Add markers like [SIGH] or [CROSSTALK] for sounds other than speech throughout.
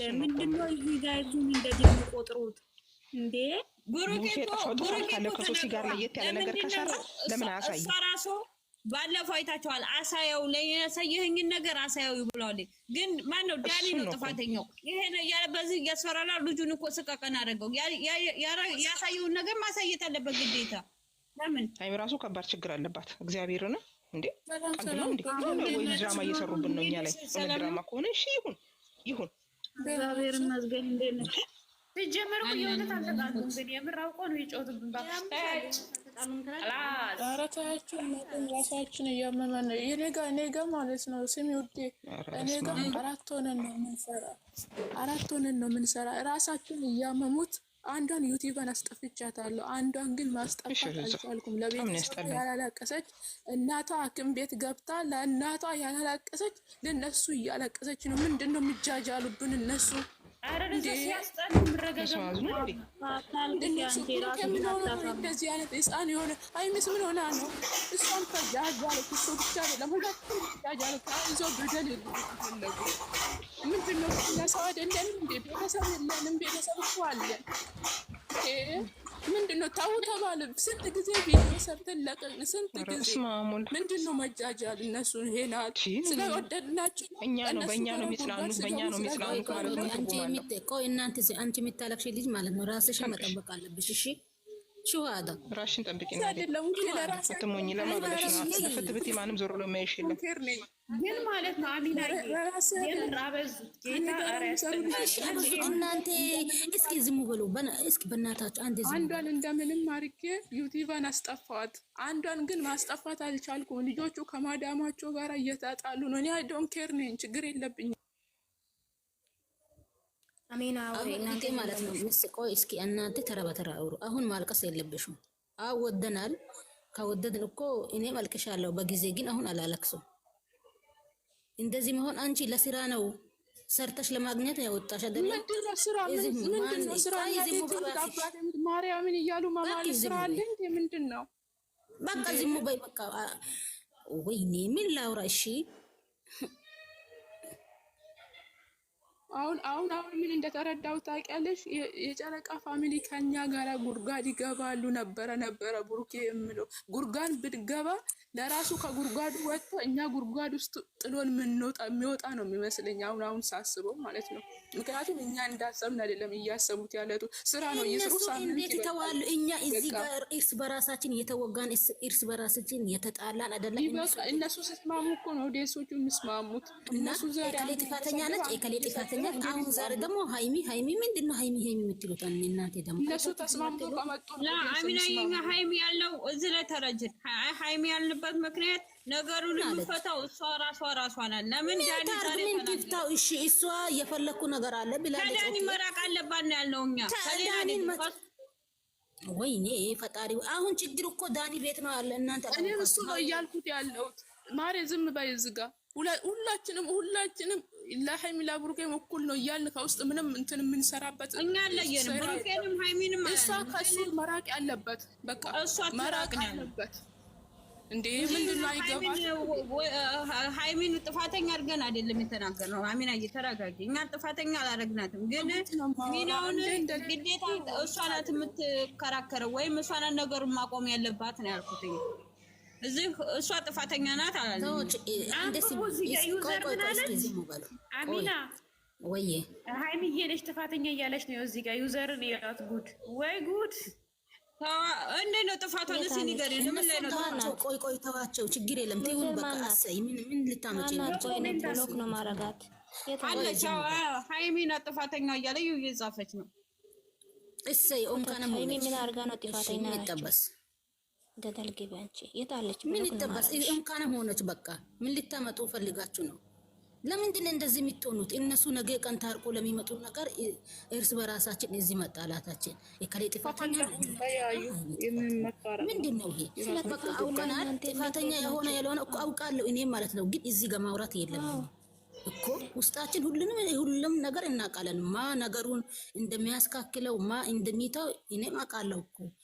ለምንድን ነው እንደዚህ የሚቆጥሩት እንዴ? ብሩኬ ጋር ለየት ያለ ነገር ከሰራ ለምን ራሱ ባለፈው አይታችኋል። አሳየው ያሳየኸኝን ነገር አሳየው ብለዋል። ግን ማን ነው ዳኒ ነው ጥፋተኛው። በዚህ እያስፈራራ ልጁን እኮ አደረገው። ያሳየውን ነገር ማሳየት አለበት ግዴታ። ለምን ሀይሚ ራሱ ከባድ ችግር አለባት። እግዚአብሔር ነው እንዴ ቀልድ ነው እንዴ ወይ ድራማ እየሰሩብን ነው እኛ ላይ? ድራማ ከሆነ እሺ ይሁን ይሁን እግዚአብሔር ይመስገን። እንዴት ነሽ? ሲጀመር የእውነት አልተጣሉም፣ ግን የምር አውቀው ነው የጮቱብን። ኧረ ተያችሁ ራሳችን እያመመን የኔጋ ኔጋ ማለት ነው። ስሚ ውዴ፣ ኔጋ አራት ሆነን ነው ምንሰራ፣ አራት ሆነን ነው ምንሰራ። ራሳችን እያመሙት አንዷን ዩቲዩብን አስጠፍቻታለሁ። አንዷን ግን ማስጠፋት አልቻልኩም። ለቤተሰብ ያላለቀሰች እናቷ ሐኪም ቤት ገብታ ለእናቷ ያላለቀሰች ለእነሱ እያለቀሰች ነው። ምንድን ነው የሚጃጃሉብን እነሱ? እንደዚህ አይነት ህፃን የሆነ አይነት ምን ሆና ነው? እሷን ያጃለች እሱ ብቻ አይደለም፣ ሁለቱም ያጃለች። አይዞ በደል የለጉ ምንድነው? ቤተሰብ አይደለንም፣ ቤተሰብ የለንም፣ ቤተሰብ እኮ አለን ምንድን ነው ታው ተባለ። ስንት ጊዜ ቪዲዮ ሰርተን ለቀን ስንት ጊዜ ምንድን ነው መጃጃል? እነሱ ሄና ስለወደድናቸው እኛ ነው በእኛ ነው የሚጽናኑ በእኛ ነው የሚጽናኑ ማለት ነው። አንቺ የሚጠቀው እናንተ አንቺ የሚታለቅሽ ልጅ ማለት ነው። ራስሽን መጠበቅ አለብሽ እሺ ራሽን ጠብቂ ትሞኝ ለማበለሽ ፍት ማንም ዞሮ ብሎ መያሽ የለም። ግን ማለት ነው አሚና እስኪ ዝም በሉ እስኪ በእናታችሁ አንድ አንዷን እንደምንም አድርጌ ዩቲቫን አስጠፋዋት። አንዷን ግን ማስጠፋት አልቻልኩም። ልጆቹ ከማዳማቸው ጋር እየተጣሉ ነው። እኔ አይ ዶንት ኬር ነኝ፣ ችግር የለብኝም። እናቴ ማለት ነው። ምስቆ እስኪ እናንተ ተራ በተራ አውሩ። አሁን ማልቀስ የለብሽም። አዎ ወደናል። ከወደድን እኮ እኔም አልቅሻለሁ በጊዜ ግን አሁን አላለቅስም። እንደዚህ መሆን አንቺ ለስራ ነው ሰርተሽ ለማግኘት ያወጣሽ አይደለም። ማርያምን እያሉ ማማል ስራ አለ ምንድን ነው? በቃ ዝም በይ በቃ። ወይኔ ምን ላውራ? እሺ አሁን አሁን አሁን ምን እንደተረዳው ታውቂያለሽ? የጨረቃ ፋሚሊ ከኛ ጋራ ጉርጓድ ይገባሉ ነበረ ነበረ ቡሩኬ የምለው ጉርጓን ብትገባ ለራሱ ከጉርጓዱ ወጥቶ እኛ ጉርጓድ ውስጥ ጥሎን ምንወጣ የሚወጣ ነው የሚመስለኝ አሁን አሁን ሳስበው ማለት ነው። ምክንያቱም እኛ እንዳሰብን አይደለም እያሰቡት ያለቱ ስራ ነው እየሰሩ ሳንቤት ይተዋሉ። እኛ እዚህ ጋር እርስ በራሳችን የተወጋን እርስ በራሳችን የተጣላን አይደለም። እነሱ ስትማሙ እኮ ነው ደሶቹ የሚስማሙት። እነሱ ዘ ጥፋተኛ ነች ከሌ ጥፋተኛ አሁን ዛሬ ደግሞ ሀይሚ ሀይሚ ምንድን ነው ሀይሚ ሀይሚ የምትሉት? እናንተ ደግሞ እነሱ ተስማምቶ ከመጡ ሀይሚ ያለው እዚህ ላይ ተረጅን። ሀይሚ ምክንያት ነገሩን የምፈታው እሷ ራሷ ራሷ ናት። ለምን ዳኒምን ትፍታው? እሺ እሷ ነገር አለ ብላ ከዳኒ መራቅ አለባት ነው ያልነው እኛ ወይኔ ፈጣሪ አሁን ችግር እኮ ዳኒ ቤት ነው ያለ። እናንተ እሱ ነው እያልኩት ያለሁት ማሬ፣ ዝም በይ ዝጋ። ሁላችንም ሁላችንም ለሀይሚላ ብሩኬም እኩል ነው እያልን ከውስጥ ምንም እንትን የምንሰራበት እኛ አለየንም። ብሩኬንም ሀይሚንም እሷ ከሱ መራቅ ያለበት በቃ እሷ መራቅ ያለበት እንዴ ምንድን ነው አይገባም። ሀይሚን ጥፋተኛ አድርገን አይደለም የተናገርነው። ሀይሚን እየተረጋጊ እኛ ጥፋተኛ አላደረግናትም፣ ግን ሚናውን ግዴታ እሷ ናት የምትከራከረው ወይም እሷ ናት ነገሩን ማቆም ያለባት ነው ያልኩት። እኔ እዚህ እሷ ጥፋተኛ ናት አላለም። ወይ ሀይሚዬ ጥፋተኛ እያለች ነው። እዚህ ጋር ዩዘርን ያት ጉድ ወይ ጉድ! ነው ቆይ ቆይ፣ ተዋቸው፣ ችግር የለም በቃ አሰይ፣ ምን ምን ልታመጪ ነው? ነው ማረጋት ጥፋተኛ እያለ እየጻፈች ነው። እሰይ ምን አርጋ ነው ጥፋተኛ ገደል ግቢ አንቺ የት ምን ይጠባስ እንኳን ሆነች። በቃ ምን ልታመጡ ፈልጋችሁ ነው? ለምንድን እንደዚህ የሚትሆኑት? እነሱ ነገ ቀን ታርቆ ለሚመጡ ነገር እርስ በራሳችን እዚህ መጣላታችን የከሌ ጥፋተኛ ምንድን ነው ይሄ? በቃ አውቀናል። ጥፋተኛ የሆነ ያልሆነ እኮ አውቃለሁ እኔም ማለት ነው። ግን እዚህ ጋር ማውራት የለም እኮ ውስጣችን ሁሉንም ሁሉም ነገር እናውቃለን። ማ ነገሩን እንደሚያስካክለው ማ እንደሚተው እኔም አውቃለሁ እኮ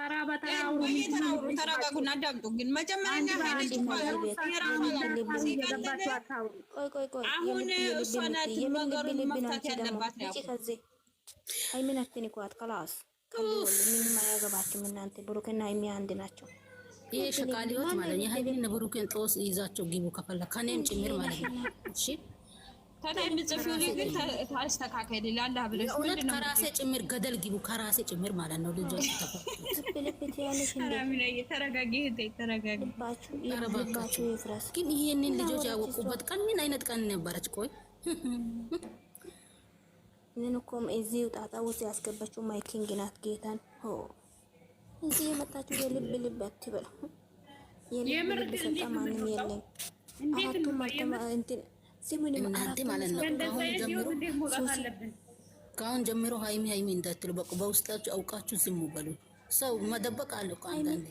ተራ በተራ አውሩ። ተረጋጉና አዳምጡ። ግን መጀመሪያ ሄደች አሁን ያለባት ነው። ምንም ብሩክና ሃይሚ አንድ ናቸው። ይሄ ሸቃሊዎች ማለት የሃይሚን ብሩክን ጦስ ይዛቸው ግቡ ከፈለግ ከኔም ጭምር ማለት ነው። እሺ ከላይ ከራሴ ጭምር ገደል ግቡ፣ ከራሴ ጭምር ማለት ነው። ልጆች [LAUGHS] ግን ይህንን ልጆች ያወቁበት ቀን ምን አይነት ቀን ነበረች? ቆይ ምን እኮም እዚህ ጣጣ ውስጥ ያስገባችው ማይኪንግ ናት። ጌታን እዚህ የመጣችው የልብ ልብ አትበል። የልብ ልብ ሰጠ ማንም የለም። ስሙንም ማለት ነው ከአሁን ጀምሮ ሀይሚ ሀይሚ እንዳትሉ በቃ በውስጣችሁ አውቃችሁ ዝም በሉ። ሰው መደበቅ አለ እኮ አንዳንዴ።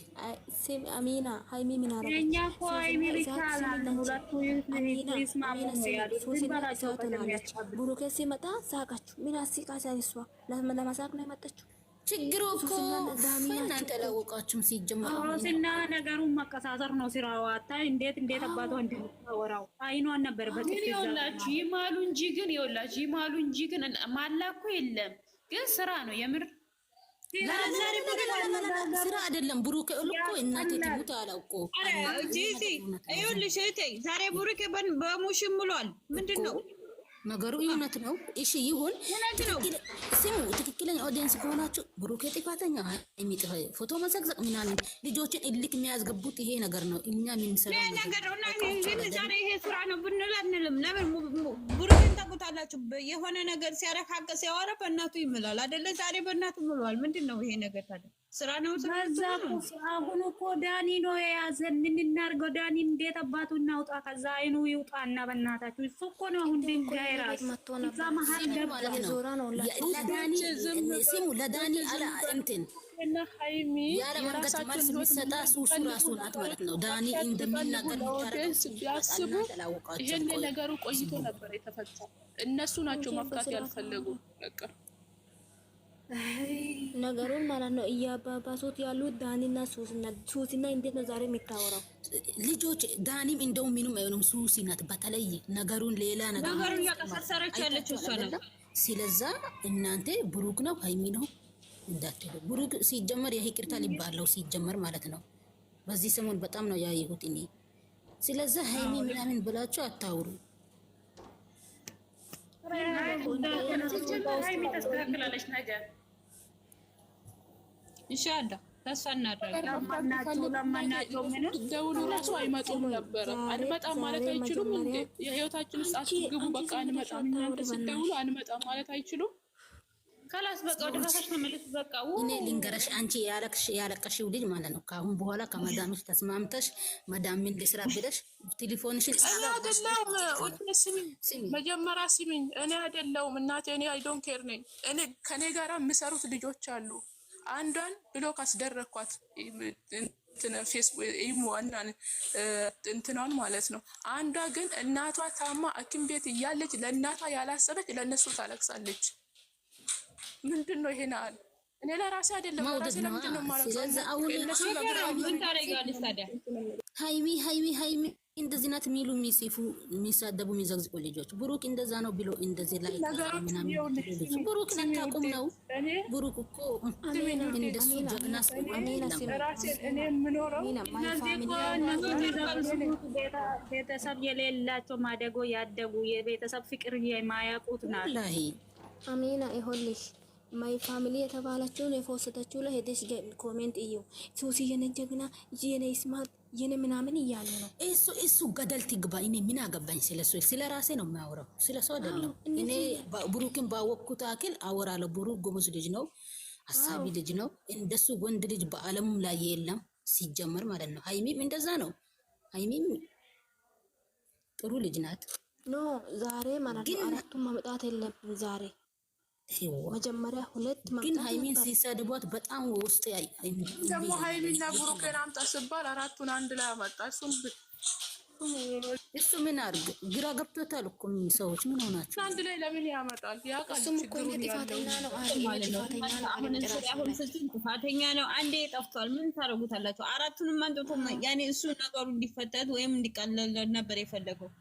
አሚና ሀይሚ ምን አረገች? ብሩኬ ሲመጣ ሳቃችሁ። ምን አስቃ እሷ ለማሳቅ ነው የመጣችሁ ችግሩ እኮ እናንተ አላወቃችሁም። ሲጀመር ሲና ነገሩን መቀሳሰር ነው ስራው። አታይ እንዴት እንዴት አባቷ እንደምታወራው አይኗን ነበር በትክክል ይኸውላችሁ። ይማሉ እንጂ ግን ይኸውላችሁ ይማሉ እንጂ ግን ማላኩ የለም ግን ስራ ነው የምር ስራ አይደለም። ብሩኬ እኮ እናቴ ትሙት አላውቆ ይኸውልሽ፣ ዛሬ ብሩኬ በሙሽም ብሏል። ምንድን ነው ነገሩ እውነት ነው። እሺ ይሁን። ስሙ ትክክለኛ ኦዲየንስ ከሆናችሁ ብሩኬ ጥፋተኛ የሚጥፈ ፎቶ መዘግዘቅ ምናምን ልጆችን እልክ የሚያስገቡት ይሄ ነገር ነው። እኛ የምንሰራው ነገር ነው ግን ዛሬ ይሄ ስራ ነው ብንል አንልም። ለምን ብሩኬን ታውቁታላችሁ። የሆነ ነገር ሲያረካቀ ሲያወራ በእናቱ ይምላል አደለ? ዛሬ በእናቱ ምሏል። ምንድን ነው ይሄ ነገር ታዲያ? ስራ ነው። በዛ አሁን እኮ ዳኒ ነው የያዘን። ምን እናድርገው? ዳኒ እንዴት አባቱ እናውጣ? ከዛ አይኑ ይውጣ እና በእናታችሁ እሱ እኮ ነው አሁን ድንጋይ ራሱ እዛ መሀል ነው። ለዳኒ አላ እንትን ያለ ነገሩ ቆይቶ ነበር እነሱ ናቸው ያልፈለጉ በቃ ነገሩን ማለት ነው እያባባሱት ያሉት ዳኒና ሱስና ሱስና እንዴት ነው ዛሬ የሚታወራው? ልጆች ዳኒም እንደው ምንም አይሆንም። ሱሲናት በተለይ ነገሩን ሌላ ነገር ነገሩን ያቀሰርሰረች ያለች እሷ ነው። ስለዛ እናንተ ብሩክ ነው ሀይሚ ነው እንዳትሉ። ብሩክ ሲጀመር ይቅርታ ሊባለው ሲጀመር ማለት ነው። በዚህ ሰሞን በጣም ነው ያየሁት እኔ። ስለዛ ሀይሚ ምናምን ብላችሁ አታውሩ። ሀይሚ ተስተካክላለች ነገር እንሻላ ተስፋ እናደርጋለማናቸው ምንም አይመጡም ነበረ። አንመጣም ማለት አይችሉም። እንደ የህይወታችን ውስጥ አትግቡ። በቃ አንመጣም፣ እናንተ ስትደውሉ አንመጣም ማለት አይችሉም። ከላስ እኔ ልንገረሽ፣ አንቺ ያለቀሽው ልጅ ማለት ነው። ከአሁን በኋላ ከመዳምሽ ተስማምተሽ መዳም ምን ልስራ ብለሽ ቴሌፎንሽን አይደለም መጀመሪያ ስሚኝ፣ እኔ አይደለሁም እናቴ፣ እኔ አይዶን ኬር ነኝ። እኔ ከኔ ጋራ የሚሰሩት ልጆች አሉ አንዷን ብሎክ አስደረግኳት ዋናን እንትናን ማለት ነው። አንዷ ግን እናቷ ታማ ሐኪም ቤት እያለች ለእናቷ ያላሰበች ለእነሱ ታለቅሳለች። ምንድን ነው ይሄን አለ እኔ ለራሴ አይደለም ራሴ ለምንድን ነው ማለት ነው። ሀይሚ ሀይሚ ሀይሚ እንደዚህ ናት የሚሉ የሚጽፉ የሚሳደቡ የሚዘግዝቁ ልጆች ብሩክ እንደዛ ነው ብሎ እንደዚህ ላይ ብሩክ ነታቁም ነው። ብሩክ እኮ እንደሱ ጀግና ቤተሰብ የሌላቸው ማደጎ ያደጉ የቤተሰብ ፍቅር የማያውቁት ናት። አሜና ይሆንልሽ ማይ ፋሚሊ የተባላችሁን የፎስተችው ለሄደሽ ኮሜንት እዩ ሱሲ የነጀግና ጀግና የነ ስማርት የኔ ምናምን እያለ ነው እሱ እሱ ገደል ትግባ። እኔ ምን አገባኝ? ስለ ሰው ስለ ራሴ ነው የሚያወራው፣ ስለ ሰው አይደለም። እኔ ብሩክን ባወቅኩት አክል አወራለሁ። ብሩክ ጎበዝ ልጅ ነው፣ አሳቢ ልጅ ነው። እንደሱ ወንድ ልጅ በዓለሙም ላይ የለም ሲጀመር ማለት ነው። ሀይሚም እንደዛ ነው። ሀይሚም ጥሩ ልጅ ናት። ኖ ዛሬ ማለት ነው አራቱም ማምጣት የለብን ዛሬ መጀመሪያ ሁለት ግን ሀይሚን ሲሰድቧት በጣም ውስጥ ደግሞ ሀይሚና ብሩኬን አምጣ ስባል አራቱን አንድ ላይ አመጣ። እሱ ምን ግራ ገብቶታል እኮ ሰዎች ምን ሆናቸው? አንድ ላይ ለምን ያመጣል? እኮ ጥፋተኛ ነው። አንዴ ጠፍቷል። ምን ታደርጉታላቸው? አራቱንም አንጥቶ ያኔ እሱ ነገሩ እንዲፈተት ወይም እንዲቀለል ነበር የፈለገው።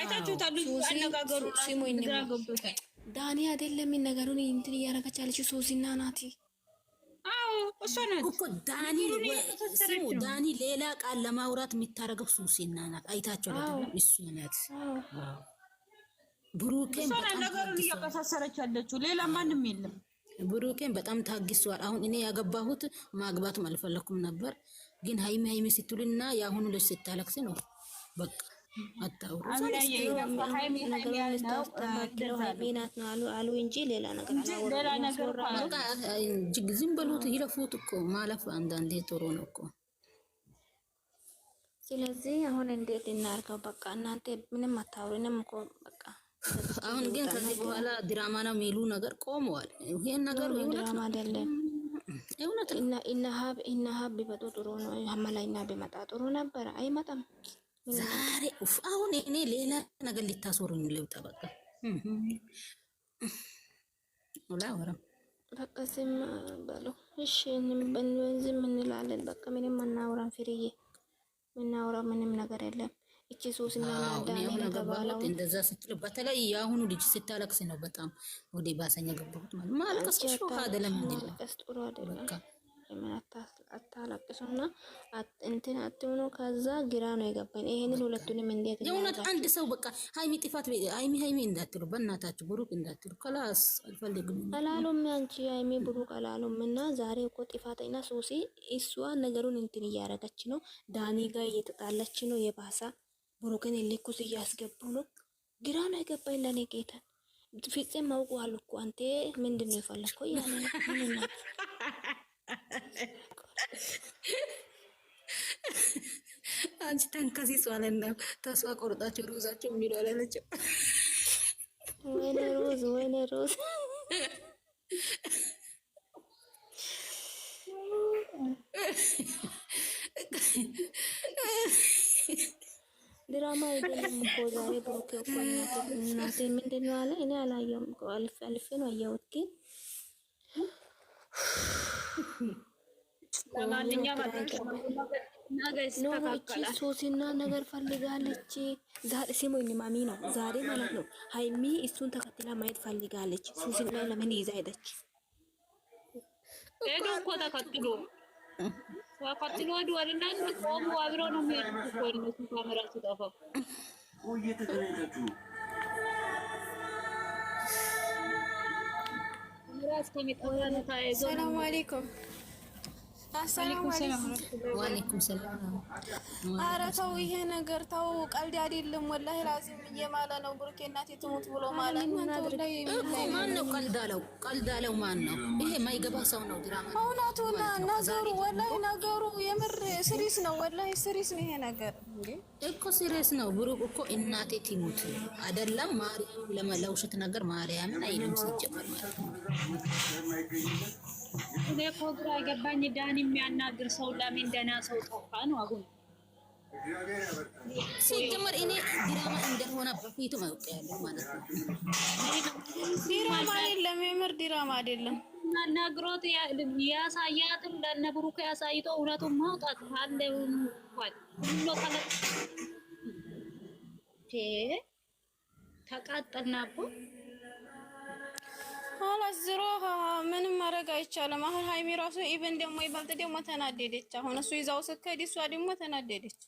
አይታችሁታሉ አነጋገሩ ግራ ገብቶታል። ዳኒ አይደለም ነገሩን እንትን እያረገች ያለችው ሶሲና ናቲ ዳኒ ሌላ ቃል ለማውራት የሚታረገው ሶሲና ናት። አይታቸው እሱ ናት። ብሩኬን ነገሩን እያመሳሰለች ያለችው ሌላ ማንም የለም። ብሩኬን በጣም ታግሷል። አሁን እኔ ያገባሁት ማግባትም አልፈለኩም ነበር፣ ግን ሀይሚ ሀይሚ ስትሉና የአሁኑ ልጅ ስታለቅስ ነው በቃ አታውሩናት ነው አሉ አሉ እንጂ ሌላ ነገር ዝም በሉት። ይለፉት እኮ ማለፍ አንዳንዴ ጥሩ ነው እኮ። ስለዚህ አሁን እንዴት እናርገው? በቃ እናንተ ምንም አታውሪንም እኮ በቃ አሁን ግን ከዚህ በኋላ ድራማ ነው የሚሉ ነገር ቆመዋል። ይሄን ነገር ድራማ አይደለም እውነት። እና ሀብ ቢመጡ ጥሩ ነው። መላይና ቢመጣ ጥሩ ነበረ። አይመጣም ዛሬ አሁን እኔ ሌላ ነገር ሊታስወሩኝ ልውጣ። በቃ ላወራም በቃ ዝም በለው እሺ። ዝም እንላለን በቃ ምንም አናውራም። ፍርዬ ምናውራ ምንም ነገር የለም። እቺ ሶስና ናዳባለው እንደዛ ስትል በተለይ የአሁኑ ልጅ ስታለቅስ ነው በጣም ወደ ባሰኛ ገባሁት ማለት ማለቀስ ጥሩ አይደለም። ምን አታላቅሱና እንትን አትሆኑ። ከዛ ግራ ነው የገባኝ። ይሄንን ሁለቱንም እንዴት የእውነት አንድ ሰው በቃ ሀይሚ ጥፋት ሀይሚ ሀይሚ እንዳትሉ፣ በእናታችሁ ብሩክ እንዳትሉ። ከላስ አልፈልግም። አላሉም አንቺ ሀይሚ ብሩክ አላሉም። እና ዛሬ እኮ ጥፋተኛ ሱሲ እሷ ነገሩን እንትን እያረገች ነው። ዳኒ ጋር እየተጣለች ነው። የባሳ ብሩክን ልኩስ እያስገቡ ነው። ግራ ነው የገባኝ ለእኔ ጌታን ፍፄ ማውቀዋል እኮ አንተ ምንድን ነው የፈለግከው? ያለ አንቺ ተንከሲስ ማለት ነው። ተስፋ ቆርጣቸው ሩዛቸው የሚሉ አላለችው። ወይኔ ሩዝ፣ ወይኔ ሩዝ። ድራማ አይደለም እኮ ዛሬ ብሩክ እኮ እናቴ ምንድን ነው አለ። እኔ አላየሁም፣ አልፌ ነው አየሁት ግን ሶሲና ነገር ፈልጋለች። ስሙኝ ማሚ ነው ዛሬ ማለት ነው። ሀይሚ እሱን ተከትላ ማየት ፈልጋለች። ሶሲና ለምን ይዛ ሄደች? ሄዱ እኮ ተከትሎ ተከትሎ ድዋልና ቆሙ አብረው ነው ሚሄዱ እኮ ሰላም አለይኩም ዋሌኩም ተው ይሄ ነገር ተው፣ ቀልድ አይደለም። ወላሂ ላዚም እየማለ ነው ብሩኬ፣ እናቴ ትሙት ብሎ ማለ እኮ። ነው። ወላሂ ነገሩ የምር ሲሪየስ ነው። ወላሂ ሲሪየስ ነው ይሄ ነገር እኮ ሲሪየስ ነው። ብሩክ እኮ እናቴ ትሙት አይደለም ማርያም፣ ለውሸት ነገር ማርያምን አይልም ሲጀመር ማለት ነው። እኔ እኮ ግራ ገባኝ። ዳን የሚያናግር ሰው ለምን ደህና ሰው ጠፋ ነው አሁን ሲጀመር እኔ ድራማ እንደሆነ በፊቱ ማውቅ ያለው ማለት ነው። ድራማ አይደለም፣ የምር ድራማ አይደለም። ነግሮት ያሳያትም ለእነ ብሩክ ያሳይቶ እውነቱን ማውጣት አለ ሁሉ ካለ ተቃጠልናቦ ኋላስ ዝሮ ምንም ማድረግ አይቻልም። አሁን ሀይሚ ራሱ ኢቨን ደግሞ ይበልጥ ደግሞ ተናደደች። አሁን እሱ ይዛው ስትሄድ እሷ ደግሞ ተናደደች።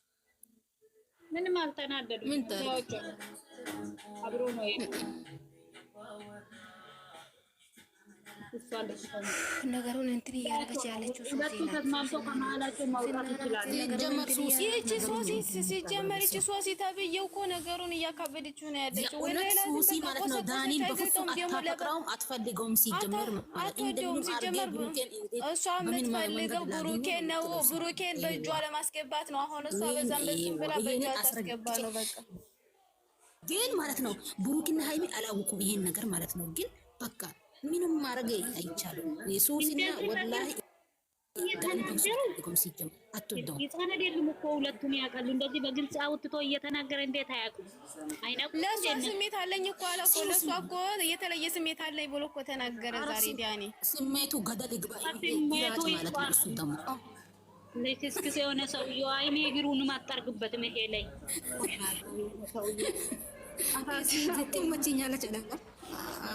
ምንም አልተናደዱም። ምን አብሮ ነው ነገሩን እንትን እያደረገች ያለችው ሲጀመር ይቺ ሶሲ ተብዬው እኮ ነገሩን እያካበደችው ነው ያለችው። ማለት ነው ዳኒን በፍጹም አታፈቅረውም፣ አትፈልገውም። ሲጀመር አትወደውም። ሲጀመር እሷ የምትፈልገው ብሩኬን ነው። ብሩኬን በእጇ ለማስገባት ነው። አሁን እሷ በዛም በሱም ብላ በእጇ ታስገባ ነው በቃ ግን ማለት ነው ብሩክና ሃይሚ አላውቁም ይሄን ነገር ማለት ነው ግን በቃ ምንም ማድረግ አይቻልም። ሱስና ወላሂ ህፃን አይደሉም እኮ ሁለቱም ያውቃሉ። እንደዚህ በግልጽ አውጥቶ እየተናገረ እንዴት አያውቁም? ለእሷ ስሜት አለኝ እኮ አለ እኮ ለእሷ እኮ የተለየ ስሜት አለኝ ብሎ እኮ ተናገረ። ዛሬ ዲያኔ ስሜቱ ገደል ይግባ ማለት ነው። እሱ የሆነ ሰውዬው አይኔ እግሩንም አታርግበትም። ይሄ ላይ ትመችኛለች ነበር